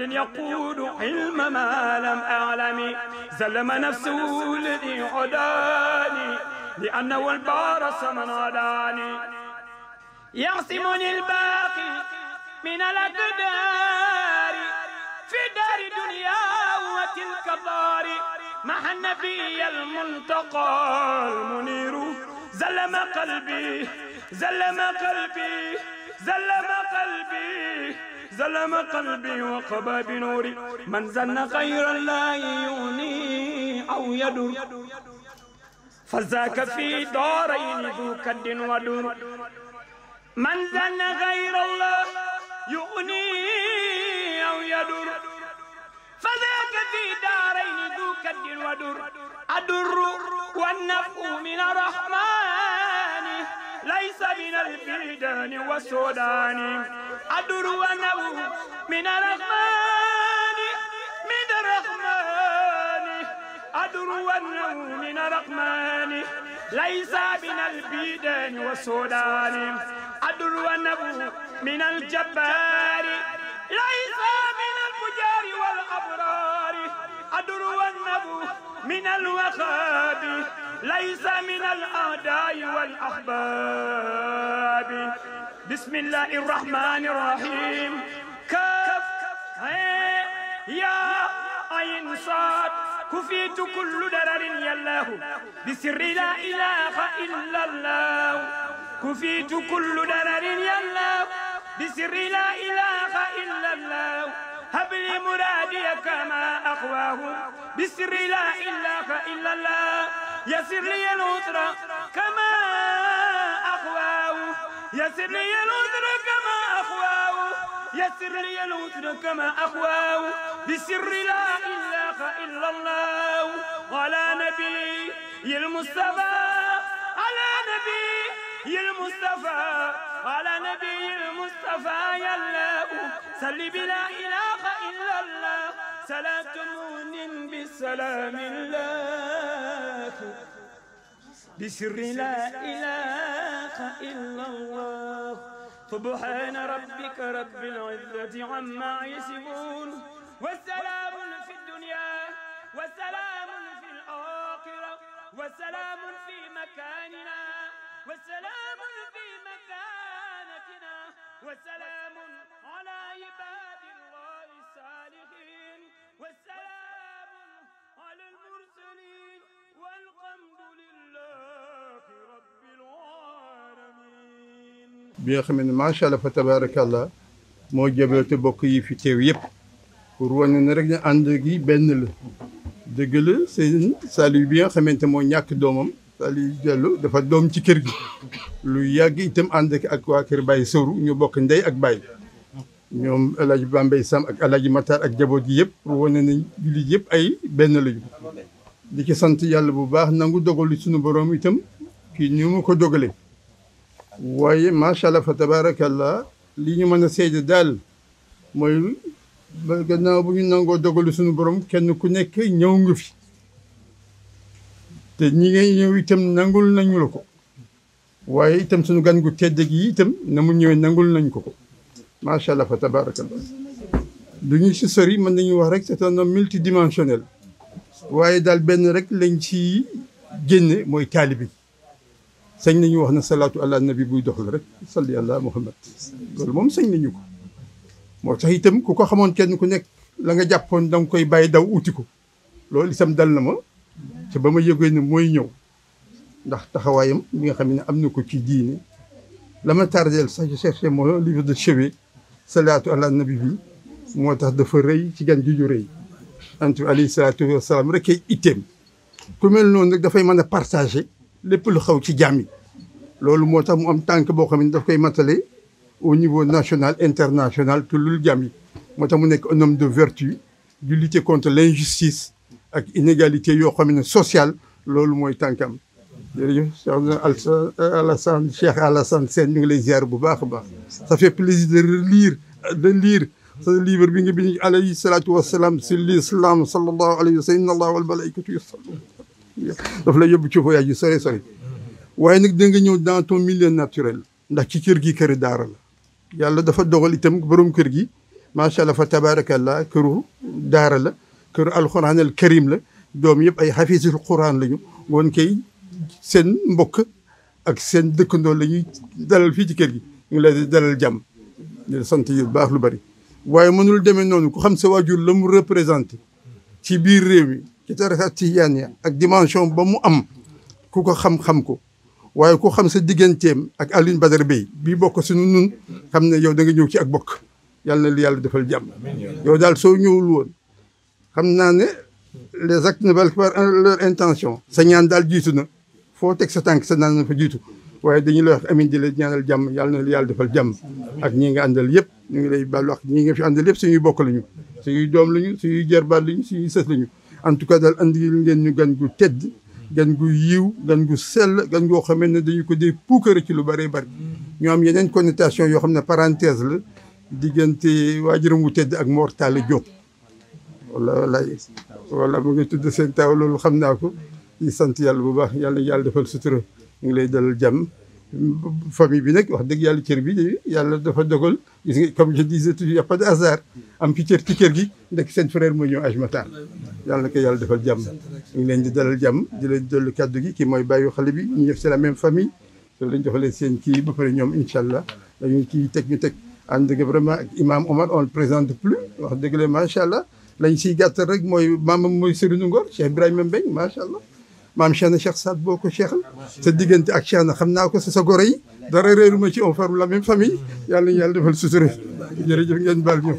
كل يقود علم ما لم أعلم زلم نفسه الذي عداني لأنه البارس من عداني يعصمني الباقي من الأقدار في دار دنيا وتلك دار مع النبي المنتقى المنير زلم قلبي زلم قلبي زلم قلبي زلم قلبي وقبى بنوري من زن خيرا لا يغني أو يدر فذاك في دارين ذو كد ودر من زن غير الله يغني أو يدر فذاك في دارين ذو كد ودر أدر والنفع من رحمن ليس من البيدان والسودان أدر ونو من الرحمن من الرحمن أدر ونو من الرحمن ليس من البيدان والسودان أدر ونو من الجبار ليس من الفجار والأبرار أدر ونو من الوخاب ليس من الأعداء والأحباب بسم الله الرحمن الرحيم كف يا عين صاد كفيت كل درر يا الله بسر لا إله إلا الله كفيت كل درر يا الله بسر لا إله إلا الله هب لي مرادي كما أخواه بسر لا إله إلا الله يسر لي العسر كما أخواه يسر لي العسر كما أخواه يسر لي العسر كما أخواه بسر لا إله إلا الله على نبي المصطفى على نبي المصطفى على نبي المصطفى يا الله سل بلا إله إلا الله صلاة مؤمن بسلام الله بسر لا إله إلا الله سبحان ربك رب العزة عما يصفون والسلام في الدنيا وسلام في الآخرة وسلام في مكاننا وسلام في مكانتنا وسلام على عباد الله الصالحين والسلام على المرسلين والحمد لله bi nga xam ne macha allah fa tabarakallah moo jaboote bokk yi fi teew yëpp pour wane ne rek ne ànd gi benn la dëgg la seen Saliou bi nga xamante moo ñàkk doomam Saliou Diallo dafa doom ci kër gi lu yàgg itam ànd ak waa kër Baye Sourou ñu bokk ndey ak Baye ñoom El Hadj Bambey Sam ak El Hadj Matar ak jaboot ji yëpp pour wane ne jullit yëpp ay benn lañu di ci sant yàlla bu baax nangu dogalu suñu borom itam kii ni mu ko dogalee waaye macha allah fa tabaarakallah li ñu mën a seede daal mooy ba gannaaw bu ñu nangoo dogalu suñu borom kenn ku nekk ñëw nga fi te ñi ngay ñëw itam nangul nañu la ko waaye itam suñu gan gu tedd gi itam na mu ñëwee nangul nañ ko ko macha allah fa tabaarakallah du ñu si sori mën nañu wax rek c'est un homme multidimensionnel waaye daal benn rek lañ ci génne mooy taalibi sañ nañu wax na salaatu ala nabi buy dox la rek salli ala muhammad loolu moom sañ nañu ko moo tax itam ku ko xamoon kenn ku nekk la nga jàppoon danga koy bàyyi daw uti ko loolu sam dal na ma te ba ma yëgee ne mooy ñëw ndax taxawaayam bi nga xam ne am na ko ci diine la ma tardeel sax je cherché mon livre de chevet salaatu ala nabi bi moo tax dafa rëy ci gan gi ñu rëy antu alayhi salaatu wasalaam rekk ay itteem ku mel noonu nag dafay man a partager lépp lu xaw ci jaam loolu moo tax mu am tànk boo xam ne daf koy matale au niveau national international te lul jaam moo tax mu nekk un homme de vertu du lutter contre l'injustice ak inégalité yoo xam ne sociale loolu mooy tànkam jërëjëf Cheikh Alassane Cheikh Alassane Sène ñu ngi lay ziar bu baax a baax ça fait plaisir de lire de lire sa livre bi nga bind alayhi salaatu wasalaam si l'islam sallallahu alayhi wa sallam inna allah wal malaikatu yusalluun daf lay yóbbu ci voyage yu sori sori waaye nag da nga ñëw dans ton milieu naturel ndax ci kër gi këri daara la yàlla dafa dogal itam borom kër gi macha allah fa tabarakallah këru daara la këru alquran al karim la doom yëpp ay xafisul quran lañu woon kay seen mbokk ak seen dëkkandoo la ñuy dalal fii ci kër gi ñu ngi lay dalal jàmm di sant yu baax lu bari waaye mënul demee noonu ku xam sa jur la mu représenté ci biir réew mi ci tarixa tijaaniya ak dimension ba mu am ku ko xam-xam ko waaye ku xam sa digganteem ak Alioune Badara Bèye bii bokk si nun xam ne yow danga nga ñëw ci ak bokk yàlla na li yàlla defal jàmm yow daal soo ñëwul woon xam naa ne les actes ne valent pas leur intention sa ñaan daal jiitu na foo teg sa tànk sa naan na fa jiitu waaye dañu lay wax amin di la ñaanal jàmm yàlla na li yàlla defal jàmm ak ñi nga àndal yëpp ñu ngi lay bàllu wax fi àndal yëpp suñuy bokk lañu suñuy doom lañu suñuy jarbaat lañu suñuy sës en tout cas dal indi andi ngeen ñu gan gu tedd gan gu yiw gan gu sell gan goo xamee ne dañu ko dee puukare ci lu bëree bëri ñoo am yeneen connotation yoo xam ne parenthèse la diggante waajuram wu tedd ak Mor Talla Diop wala wala wala mu ngi tudd seen taw loolu xam naa ko ñu sant yàlla bu baax yàlla yàlla defal sutura ñu ngi lay dalal jàmm famille bi nag wax dëgg yàlla cër bi yàlla dafa dogal comme je disais toujours y a pas am ci cër ci kër gi ndek seen frère moo ñëw ajmataan yàlla na ko yàlla dafa jàmm leen di dalal jàmm di leen dollu kàddu gi ki mooy bàyyi xale bi ñu def c'est la même famille so lañ doxalee seen kii ba pare ñoom incha allah dañu kii teg ñu teg ànd nga vraiment ak imam Omar on le présente plus wax dëgg la macha allah lañ siy gàttal rek mooy maamam mooy Serigne Ngor Cheikh Ibrahima Mbengue macha allah maam Cheikh na Cheikh Saad boo ko cheikhal sa diggante ak Cheikh na xam naa ko sa sa goro yi dara réeru ma ci on forme la même famille yàlla ñu yàlla defal sutura jërëjëf ngeen baal ñu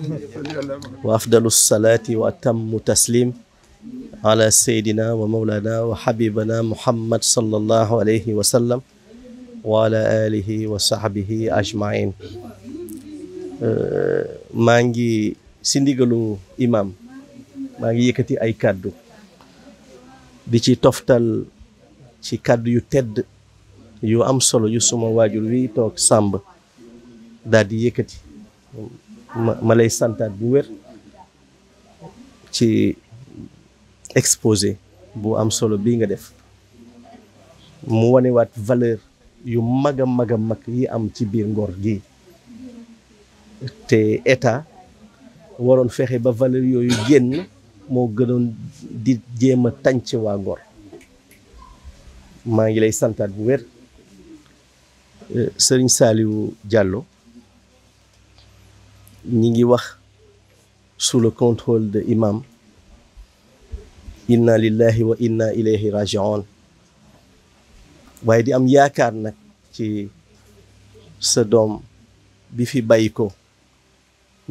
wa afdalu salaati wa atammu taslim ala sayyidina wa mawlana wa habibana muhammad sallallahu alayhi wa sallam wa ala alihi wa sahbihi ajmain maa ngi si ndigalu imam maa ngi yëkkati ay kàddu di ci toftal ci kàddu yu tedd yu am solo yu suma waajur wi toog sàmba daal di yëkkati ma lay santaat bu wér ci exposé bu am solo bii nga def mu wanewaat valeur yu mag a mag a mag yi am ci biir ngor gi te état waroon fexe ba valeur yooyu génn moo gënoon di jéem a tànc waa Ngor maa ngi lay santaat bu wér euh, sëriñ Saliou Diallo ñi ngi wax sous le contrôle de imam inna lillahi wa inna ilayhi raji'un waaye di am yaakaar nag ci sa doom bi fi bàyyi ko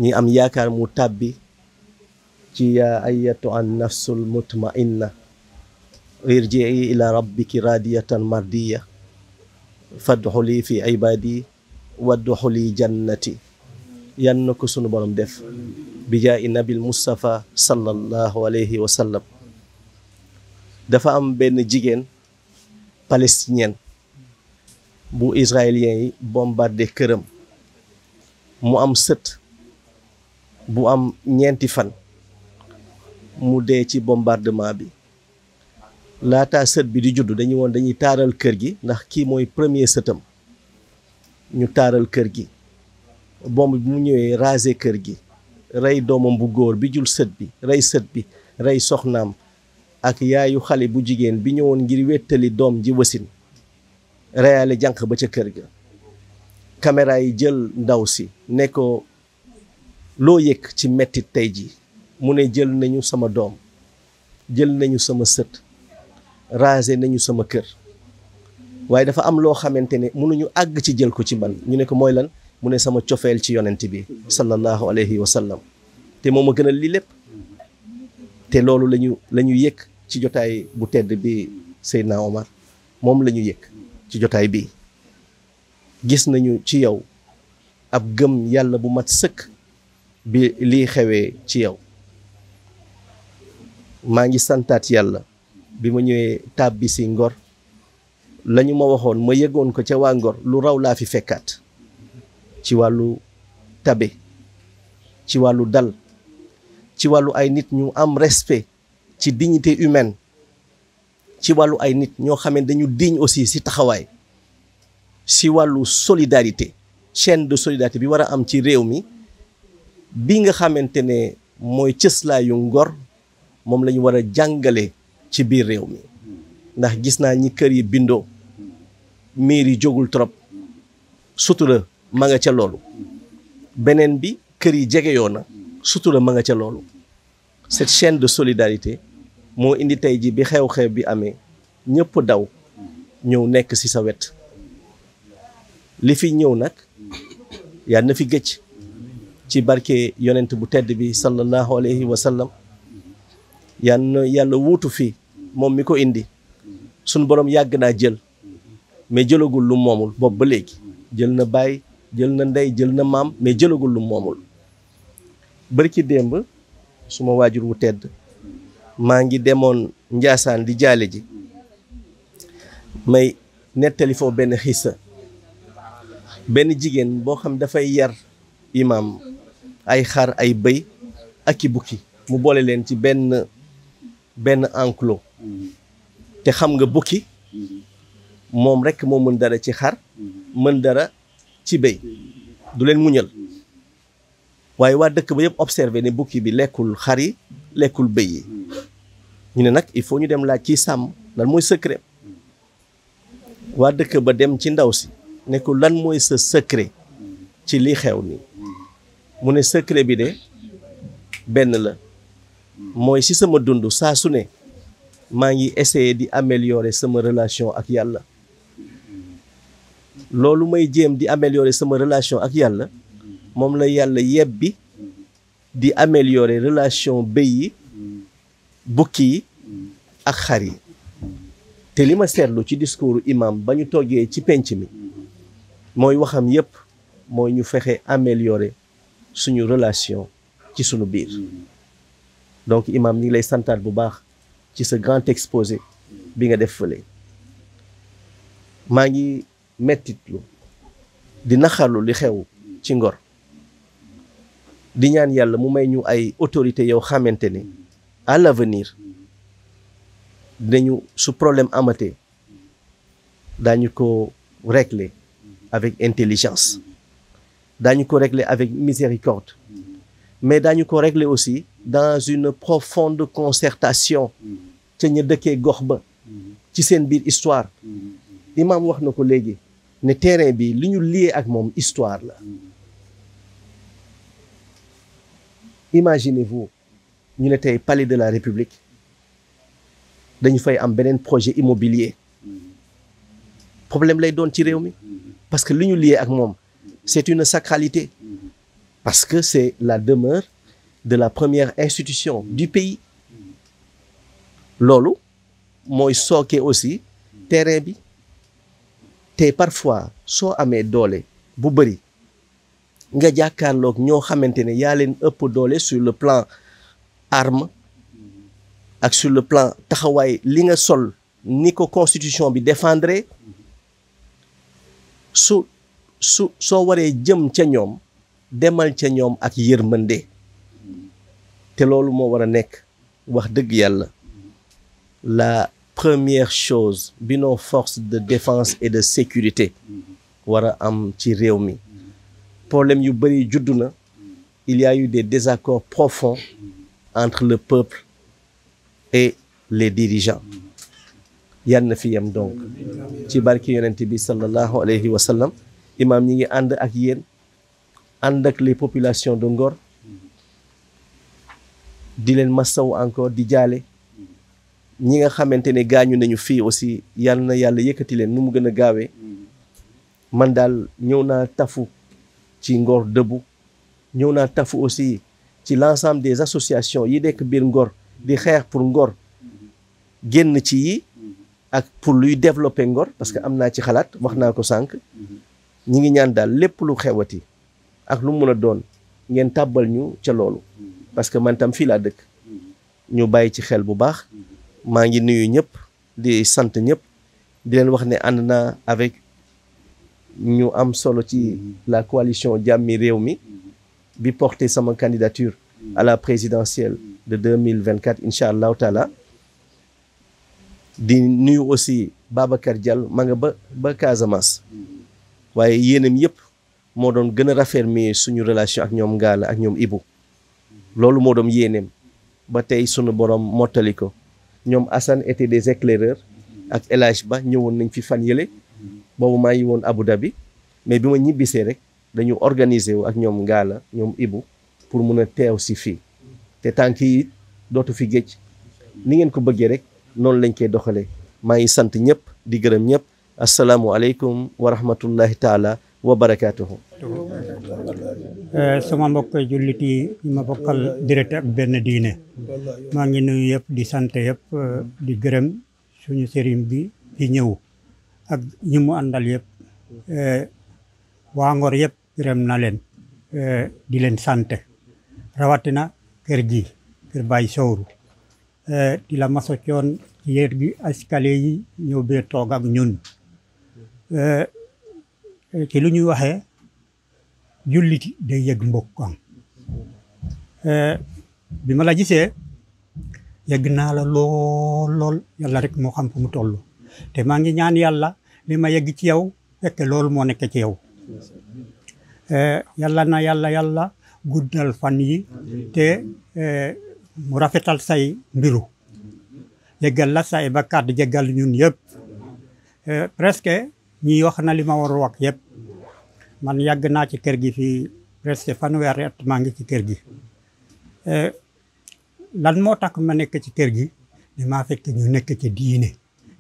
ñi am yaakaar mu tàbbi ci yaa ayatu an nafsul mutmainna i ila rabbiki radiyatan mardiya fadxuli fi ibadi wadxuli jannati yan na ko sunu borom def bi jaayi nabil mustafa sallallahu alayhi wa dafa am benn jigéen palestinienne bu israélien yi bombardé këram mu am sët bu am ñeenti fan mu dee ci bombardement bi laata sët bi di judd dañuy dañuy taaral kër gi ndax kii mooy premier sëtam ñu taaral kër gi bomb bi mu ñëwee raser kër gi rey doomam bu góor bi jul sët bi rey sët bi rey soxnaam ak yaayu xale bu jigéen bi ñëwoon ngir wettali doom ji wasin reyaale jànq ba ca kër ga caméra yi jël ndaw si ne loo yëg ci mettit tey ji mu ne jël nañu sama doom jël nañu sama sët rasé nañu sama kër waaye dafa am loo xamante ne mënuñu àgg ci jël ko ci man ñu ne mooy lan mu ne sama cofeel ci yonent bi sallallahu alayhi wa sallam te moom a gënal lii lépp te loolu lañu lañu yékk ci jotaay bu tedd bi Seydina Omar moom lañu ñu ci jotaay bi gis nañu ci yow ab gëm yàlla bu mat sëkk bi lii xewee ci yow maa ngi santaat yàlla bi ma ñëwee tàbbi si ngor lañu ma waxoon ma yëgoon ko ca waa ngor lu raw laa fi fekkaat ci wàllu tabe ci wàllu dal ci wàllu ay nit ñu am respect ci dignité humaine ci wàllu ay nit ñoo xamee dañu digne aussi si taxawaay ci wàllu solidarité chaine de solidarité bi war a am ci réew mi bi nga xamante ne mooy cëslaayu ngor moom la ñu war a jàngale ci biir réew mi ndax gis naa ñi kër yi bindoo miir yi jógul trop sutura ma nga ca loolu beneen bi kër yi jegeyoo na sutura ma nga ca loolu cette chaîne de solidarité moo indi tey ji bi xew-xew bi amee ñëpp daw ñëw nekk ci sa wet li fi ñëw nag yaa na fi gëcc ci barke yonent bu tedd bi sallallahu alayhi wa sallam yal na yàlla wuutu fii moom mi ko indi suñ borom yàgg naa jël mais jëlagul lu moomul boobu ba léegi jël na baay jël na ndey jël na maam mais jëlagul lu moomul bari ci démb suma waajur wu tedd maa ngi demoon Njaasaan di jaale ji may nettali foofu benn xissa benn jigéen boo xam dafay yar imaam ay xar ay bëy ak i bukki mu boole leen ci benn benn enclos mm-hmm. te xam nga bukki mm-hmm. moom rek moo mën dara ci xar mm-hmm. mën dara ci béy du leen muñal waaye waa dëkk ba yëpp observé ne bukki bi lekkul xar yi lekkul béy yi ñu ne nag il faut ñu dem laaj ci sàmm lan mooy secret waa dëkk ba dem ci ndaw si nekkul lan mooy sa secret ci lii xew nii mu ne secret bi de benn la mooy si sama dund saa su ne maa ngi essayer di améliorer sama relation ak yàlla loolu may jéem di améliorer sama relation ak yàlla moom la yàlla yebbi di améliorer relation bëy yi bukki yi ak xar yi te li ma seetlu ci discours imam ba ñu toggee ci penc mi mooy waxam yépp mooy ñu fexe améliorer suñu relation ci suñu biir donc imam ñu ngi lay santaat bu baax ci sa grand exposé bi nga def fële maa ngi mettitlu di naxarlu li xew ci Ngor di ñaan yàlla mu may ñu ay autorité yow xamante ne à l'avenir dañu su problème amatee daañu ko régler avec intelligence daañu ko régle avec miséricorde mais daañu ko régler aussi dans une profonde concertation ca ña dëkkee gox ba ci seen biir histoire imaam wax na ko léegi ne terrain bi li ñu lié ak moom histoire la imaginez-vous ñu ne tey palais de la république dañu fay am beneen projet immobilier problème lay doon ci réew mi parce que li ñu lié ak moom c'est une sacralité parce que c'est la demeure de la première institution du pays loolu mooy sooke aussi terrain bi te parfois soo amee doole bu bëri nga jàkkaarloog ñoo xamante ne yaa leen ëpp doole sur le plan arme ak sur le plan taxawaay li nga sol ni ko constitution bi défendre su su soo waree jëm ca ñoom demal ca ñoom ak yërmande te loolu moo war a nekk wax dëgg yàlla la première chose bi nos forces de défense et de sécurité war a am ci réew mi problème yu bëri juddu na il y a eu des désaccords profonds entre le peuple et les dirigeants yal na fi yem donc ci barki yonent bi sallallahu alayhi wa sallam imaam ñi ngi ànd ak yéen ànd ak les populations de Ngor di leen masaw encore di jaale ñi nga xamante ne gaañu nañu fii aussi yal na yàlla yëkkati leen nu mu gën a gaawee man daal ñëw naa tafu ci Ngor debout ñëw naa tafu aussi ci l'ensemble des associations yi dekk biir Ngor di xeex pour Ngor génn ci yi ak pour luy développer Ngor parce que am naa ci xalaat wax naa ko sànq ñi ngi ñaan daal lépp lu xewati ak lu mu mun a doon ngeen tàbbal ñu ca loolu parce que man tam fii laa dëkk ñu bàyyi ci xel bu baax maa ngi nuyu ñëpp di sant ñëpp di leen wax ne ànd naa avec ñu am solo ci la coalition jàmmi réew mi bi porté sama candidature à la présidentielle de 2024 incha allahu taala di nuyu aussi Babacar Diallo ma nga ba ba Casamance waaye yéenam yëpp moo doon gën a raffermir suñu relation ak ñoom Ngalla ak ñoom Ibou loolu moo doon yéeneem ba tey suñu borom mottali ko ñoom Assane été des éclaireurs ak El Ba ñëwoon nañ fi fan yële boobu maa ngi woon Abu Dhabi mais bi ma ñibbisee rek dañu organiser wu ak ñoom ngaala ñoom Ibou pour mun a teew si fii te tànk yi dootu fi géej ni ngeen ko bëggee rek noonu lañ koy doxalee maa ngi sant ñëpp di gërëm ñëpp asalaamualeykum wa rahmatullahi taala wa barakaatuhu eh, sama mbokk jullit yi ma bokkal direct ak benn diine maa ngi nuyu yëpp di sant yëpp eh, di gërëm suñu sëriñ bi fi ñëw ak ñi mu àndal yëpp eh, waangor Ngor yëpp gërëm na leen di leen sant rawatina kër gi kër Baye Sowru di la maso coon yër gi askale ñëw bee toog ak ñun ci lu ñuy waxe julliti day yëg mbokkam eh, bi ma la gisee yëg naa la lool lool yàlla rek moo xam mu toll te maa ngi ñaan yàlla li ma yëg ci yow fekk loolu moo nekk ci yow eh, yàlla na yàlla yàlla guddal fan yi te eh, mu rafetal say mbiru yëggal la say bakkaat jéggal ñun yëpp presque ñii wax na li ma war a wax yëpp man yàgg naa ci kër gi fii presque fanweeri at maa ngi ci kër gi eh, lan moo takk ma nekk ci kër gi maa fekk ñu nekk ci diine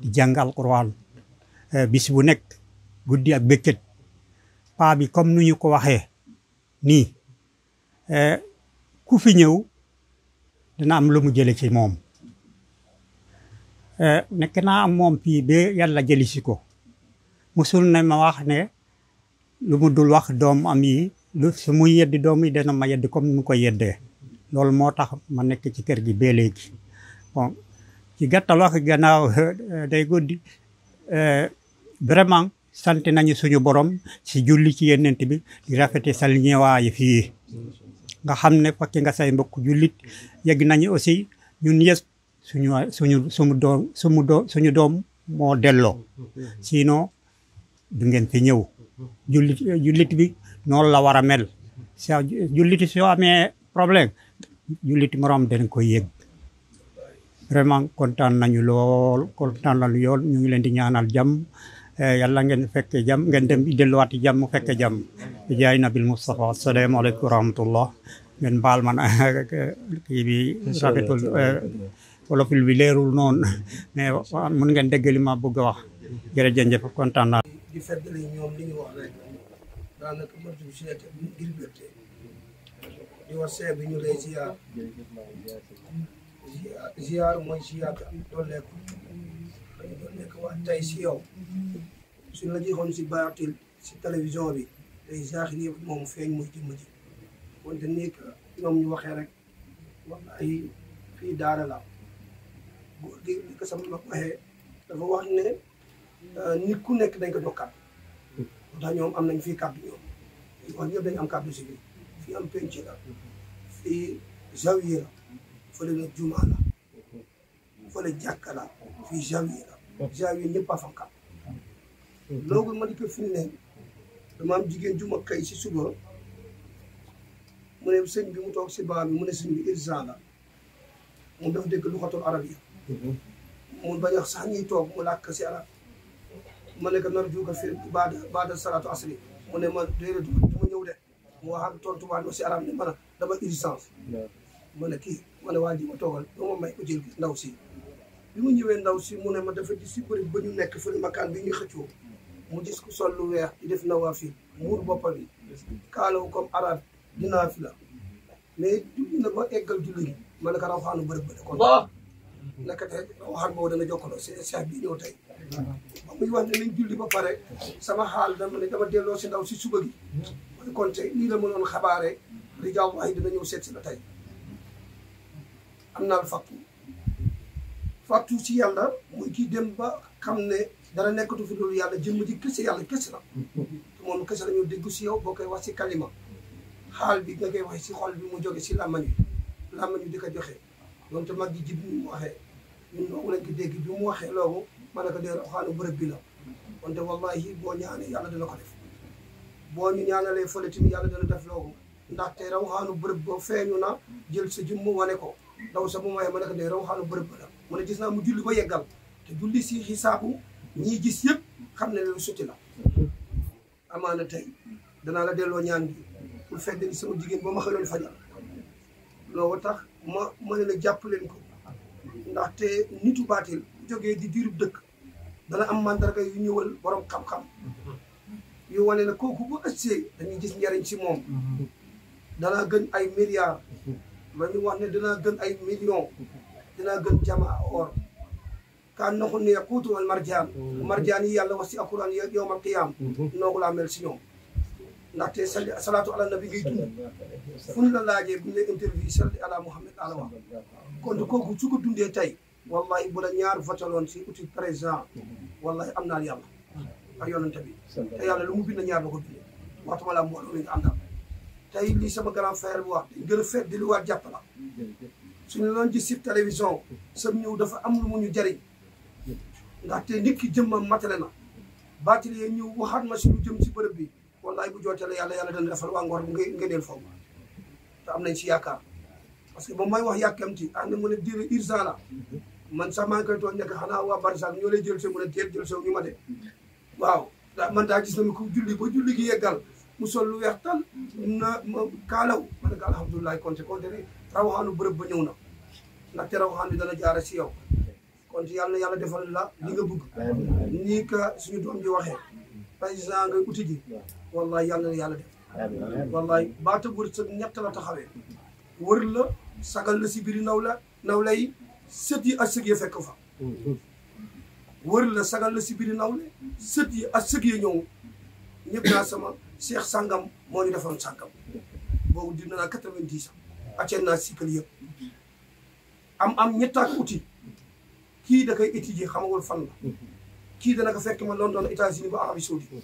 di jàngal alquran eh, bis bu nekk guddi ak bëccëg paa bi comme nu ñu ko waxee nii eh, ku fi ñëw dina am lu mu jële ci moom nekk naa am moom fii ba yàlla jëli si ko musul na ma wax ne lu mu dul wax doom am yi su muy yeddi doom yi de na ma yeddi comme nu ko yeddee loolu moo tax ma nekk ci kër gi ba léegi bon ci gàttal wax gannaaw euh, day guddi euh, vraiment sante nañu suñu borom si julli ci yenent bi di rafete sa ñëwaay fii nga xam ne fakki nga say mbokk jullit yegg nañu aussi ñun yëpp suñu suñu sumu doom sumu doom suñu doom moo delloo sinon du ngeen fi ñëw jullit jullit bi noonu la war a mel sa jullit soo amee problème jullit moroom dañ ko yëg vraiment kontaan nañu lool kontaan nañu yool ñu ngi leen di ñaanal jam eh, yalla ngeen fekkee jam ngeen dem jam jàmm fekke jàmm jaay nabil Mustafa asalaamaaleykum wa rahmatullah ngeen baal man kii bi rafetul eh, wolofil bi leerul noonu mais mun ngeen dégg li ma bëgg a wax jërëjëf kontaan naa di feddali ñoom li ñu wax rek daanaka matu seete Gilberte di wax see bi ñu lay ziar ziar mooy ziyaata dooleeku nekk wax tey si yow suñ la joxoon si baatil si télévision bi tey zaaxir yëpp moom feeñ muy jëmm ji wante nekk ñoom ñu waxee rek wallaay fii daara la góor gi li sama la waxee dafa wax ne Euh, nit ku nekk dañ ko jox kàddu ñoom am nañ fii kàddu ñoom ñëpp dañ am kàddu si biir fii am penc la fii jawiye la fële na jumaa la fële jàkka la fii jawiye la jawiye loolu ma di ko firi ne dama am jigéen ju ma kay si suba mu ne sëñ mu toog si baa bi mu ne sëñ bi la mu def dégg lu xatul arab yi mhm. mu bañ a sax ñuy toog mu làkk si arab ma ne ko narjuuka fi baa baada salaatu asri mu ne ma déedéet du ma ñëw de mu waxaat tontuwaat ma si araam ne ma ne dama urgence. man a kii ma ne waa di ma toogal ba ma may ko ndaw si. bi mu ñëwee ndaw si mu ne ma dafa di ba ñu nekk fële makaan bi ñu xëccoo mu gis ku sol lu weex di def nawaafil muur boppam bi kaalawu comme arabe dinaa fi la. mais julli na ba eggal julli gi ma ne ko rawaxaanu bërëb ba de kon. waaw naka tey rawaxaan boobu dana jokkaloo si bi ñëw tey. ba muy wax ne nañ julli ba pare sama xaal dama ne dama delloo si ndaw si suba gi kon konte lii la mënoon xabaare li jaaw wax dina ñëw seet si la tey am naa lu fàttu fàttu si yàlla muy kii dem ba kam ne dara nekkatu fi loolu yàlla jëmm ji kese yàlla kese la te moom kese la ñu déggu si yow boo koy wax si kalima xaal bi nga koy waxee si xol bi mu jóge si làmmañ bi làmmañ bi di ko joxe donte mag ji jib ni mu waxee ñun noonu lañ ko dégg bi mu waxee loolu ma malaka deeru xaalu bërëb bi la wante wallahi boo ñaanee yàlla dana ko def boo ñu ñaanalee fële tamit yàlla dana def loogu ndaxte raw xaanu bërëb boo feeñu na jël sa jëmm wane ko daw sa mu maye ma naka dee raw xaanu bërëb ba la mu ne gis naa mu julli ba yeggal te julli si xisaabu ñi gis yëpp xam ne lu sotti la amaana tey danaa la delloo ñaan gi pour fekk ni sama jigéen ba ma xëloon fajal loolu tax ma ma ne jàpp leen ko ndaxte nitu baatil jógee di diirub dëkk dana am mandarga yu ñëwal borom xam-xam mm-hmm. yu wane ne kooku bu ëssee dañuy gis njariñ ci moom mm-hmm. danaa gën ay milliards la mm-hmm. ñu wax ne danaa gën ay millions dinaa gën jamaa or kaan na xun ne xuutu wal marjaan marjaan yi yàlla wax ci alquran yowmal qiyaam noogu laa mel ci ñoom ndaxte salaatu ala nabi ngay dund fu ñu la laajee bu ñu lay interview salli ala muhammad ala wax kon kooku su ko dundee tey wallahi bu la ñaar votaloon si outil président mhm. wallahi am naa yàlla ak yonente bi te yàlla lu mu bind ñaar la ko bindee la laa mbooloo mi nga àndal tey lii sama grand frère bi wax dañ gën a di lu waat jàpp la suñu doon gis si télévision sam ñëw dafa am lu mu ñu jariñ ndaxte te ki jëmmam matale na baatil yee ñëw waxaat ma suñu jëm si bërëb bi wallahi bu jootele yàlla yàlla dana defal waa ngor nga ngeneel foofu te am nañ si yaakaar parce que moom may wax yàkkamti am na mën a man sax maa ngi koy tooñ nekk xanaa waa barsak ñoo lay jël see mën a teel jël sew ma de waaw man daa gis nañu ko julli ba julli gi yeggal mu sol lu weex tal na ma kaalaw ma ne ko alhamdulilah konte konte rawaxaanu bërëb ba ñëw na ndaxte rawaxaan bi dana jaara si yow kon yàlla yàlla defal la li nga bugg nii que suñu doom ji waxee président ngay uti ji wallahi yàlla na yàlla def wallahi baata wër sa ñett la taxawee wër la sagal la si biir naw la naw lay sët yi ak sëg ya fekk fa wër la sagal la si biir nawle sët yi ak sëg ya ñëw ñëpp naa sama seex sàngam moo ñu defoon sàngam boobu dina naa quatre-vingt-dix ans naa sikkal yëpp am am ñettaak outil kii da koy étudier xamawul fan la kii dana fekk ma London États-Unis ba Arabie Saoudite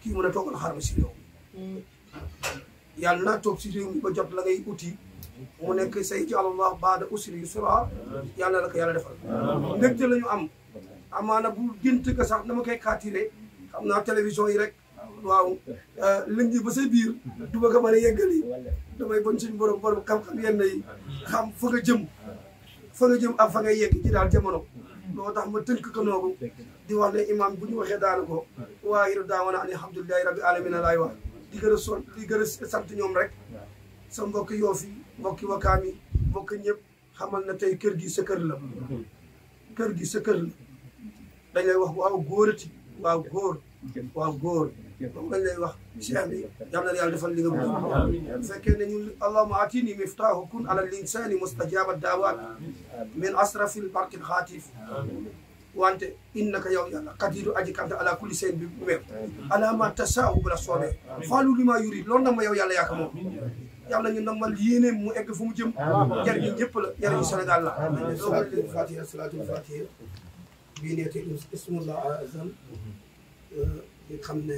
kii mën a toogal xaaral si réew mi yàlla naa toog si réew mi ba jot la ngay outil mu nekk say jàllallahu baada usri yusra yàlla la ko yàlla defal ndégte la ñu am amaana bu gént ka sax dama koy kaatire xam naa télévision yi rek waaw euh, lëngi ba sa biir du ma ko mën a yeggali damay bon suñu borom borom xam-xam yenn yi xam fa nga jëm fa jëm ak fa nga yegg ci daal jamono loo tax ma tënk ko noogu di wax ne imam bu ñu waxee daanu ko waa yir daawana an alhamdulilahi rabbi alamina laay wax di gën a di gën a sant ñoom rek sa mbokk yoo fi mbokki wakaam yi mbokki ñëpp xamal na tey kër gi sa kër la kër gi sa kër la dañ lay wax waaw góorati waaw góor waaw góor moom lañ lay wax cheikh bi yal na yàlla defal li nga bëgg bu fekkee ne ñun allahuma atini miftaahu kun ala linsani mustajaba daawaat min asrafi lbarkil xaatif wante innaka yow yàlla qadiru aji kanta ala kulli seen bi mu meew ala ma tasaahu bu la soobee faalu li ma yurid loolu nag ma yow yàlla yaaka moom yàlla ñu nambal yéene mu egg fu mu jëm jariñu ñëpp la jariñu Sénégal la salaatul fatiha salaatul fatiha bii neete ismullah mhm. xam ne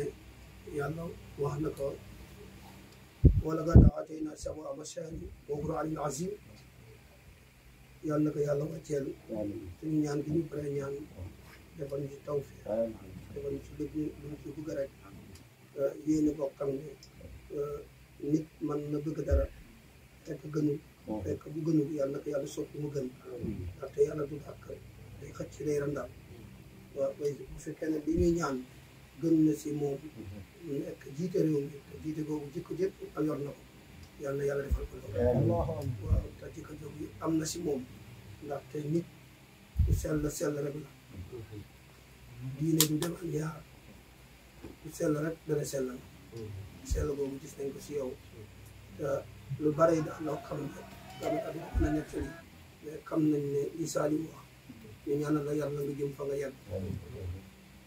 yàlla wax na ko wala ga daatey naa sama masani wa qur'anil azim yàlla na ko yàlla wàcceel suñu ñaan gi ñu bare ñaan defal ñu ci tawfiq defal lu ñu ci bëgg rek yéene bokkam ne nit man na bëgg dara fekk gënul oh. fekk bu gënul yàlla ko yàlla soppi mu gën ndaxte yàlla du dàq day xëcc day randal waaw bu fekkee ne li ñuy ñaan gën na si moom mm-hmm. nekk jiite réew mi te jiite googu jikko jëpp a na ko yàlla yàlla defal ko loolu waaw am na si moom ndaxte nit ku sell sell rek la mm-hmm. diine du dem ak sell rek dana sellal mm-hmm. sell boobu gis nañ ko si yow te lu bari daal loo xam ne dama at wax na nettali mais xam nañ ne li Salim wax ñu ñaanal la yàlla nga jëm fa nga yàgg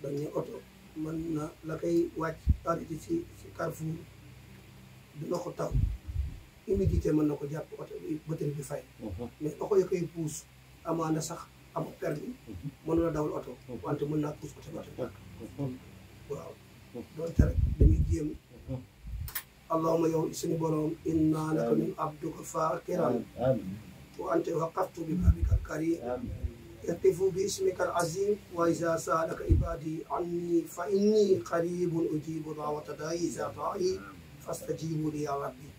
dañ ne oto mën na la koy wàcc arrêté si si Carrefour dina ko taw humidité mën na ko jàpp oto bi bëtër bi fay mais oto ya koy puus amaana sax amul permis mënu la dawal oto wante mën naa puus oto bi oto waaw doonte rek dañuy jéem allahuma yow suñu borom inna laka min abduka fakiran wa anta waqaftu bi babika karim irtifu bi ismika al azim wa iza saalaka ibadi anni fa inni qaribun ujibu da'wata da'i iza da'i fastajibu li ya rabbi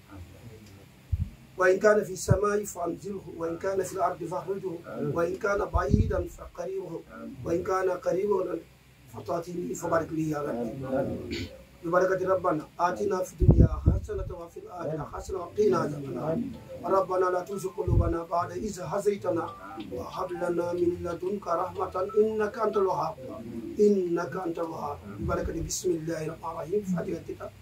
wa in kana fi samaa'i fanzilhu wa in kana fi al-ardi fahrijhu wa in kana ba'idan fa qaribuhu wa in kana qaribuhu fa tatini fa barik li ya rabbi ببركة ربنا آتنا في الدنيا حسنة وفي الآخرة حسنة وقنا عذاب النار ربنا لا تزغ قلوبنا بعد إذ هديتنا وهب لنا من لدنك رحمة إنك أنت الوهاب إنك أنت الوهاب ببركة بسم الله الرحمن الرحيم فاتحة الكتاب